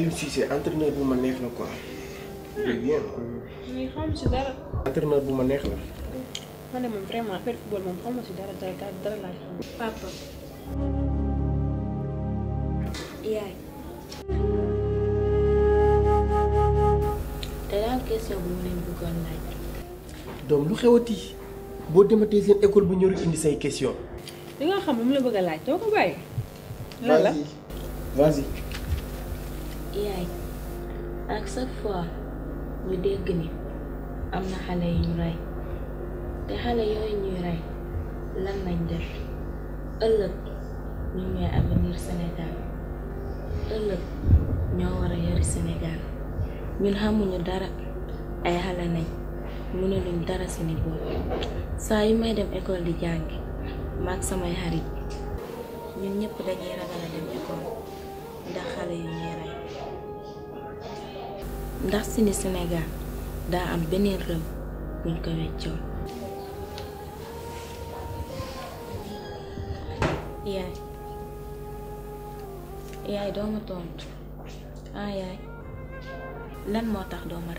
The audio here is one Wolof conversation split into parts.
Aliou Cissé entraîneur bu Bien, neex la quoi. Hmm. Euh, mais xam si dara. entraîneur bu ma neex la. ma ne moom vraiment affaire football moom xam si dara dara dara laa xam. papa. yaay. danaa question bu ma leen bëggoon laaj. doom lu xewati boo dematee seen école bu ñëw indi say question li nga xam moom la bëgg a laaj doo ko bàyyi. lan la vas-y. yaay ak chaque fois ñu dégg ni am na xale yu ñu rey te xale yooyu ñuy rey lan lañ def ëllëg ñu ñooy avenir Sénégal ëllëg ñoo war a yori Sénégal ñun xamuñu dara ay xale nañ mënuluñ dara seeni saa yu may dem école di jàngi maag samay xarit ñun ñëpp dañuy ragal dem école ndax xale ndax si ni Sénégal daa am beneen rëm buñ ko weccoo yaay yaay doo tontu ah yaay lan moo tax doo ma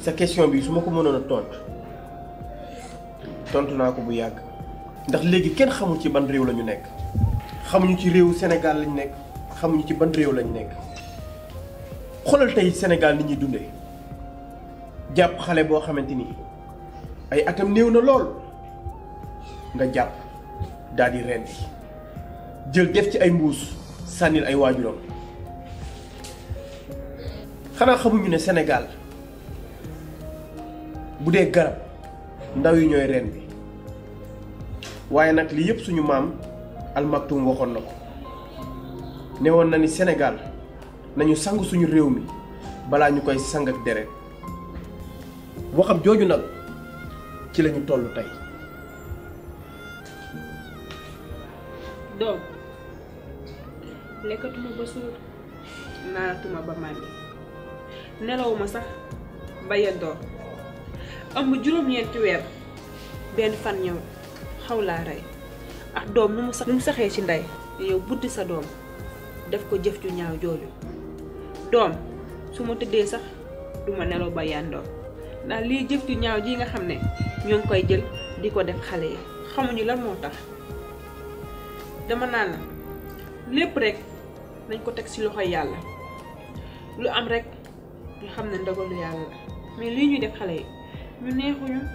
sa question bi su ma ko mënoon a tontu tontu naa ko bu yàgg ndax léegi kenn xamul ci ban réew la ñu nekk xamuñu ci réew Sénégal lañ nekk xamuñu ci ban réew lañ nekk xoolal tey Sénégal ni ñuy dunde jàpp xale boo xamante ni ay atam néew na lool nga jàpp daal di rendi jël def ci ay mbuus sànnil ay waajuram xanaa xamuñu ne Sénégal. budé garab ndaw yi ñoy reen bi waaye nak li yépp suñu mam al maktoum waxon nako ne na ni Sénégal nañu sang suñu réew mi bala ñukoy sang ak déré waxam joju nak ci lañu tollu tay ba suur ëmb juróom-ñeenti weer benn fan ñëw xaw laa rey ak ah, doom nu mu saxee ci ndey yow buddi sa doom def ko jëf ju ñaaw jooju doom su ma tëddee sax du nelaw ba yàndoor ndax lii jëf ju ñaaw ji nga xam ne ñoo ngi koy jël di ko def xale yi xamuñu lan moo tax dama naan la lépp rek nañ ko teg ci loxo yàlla lu am rek ñu xam ne ndogalu yàlla la mais lii ñuy def xale yi Bunu koyun?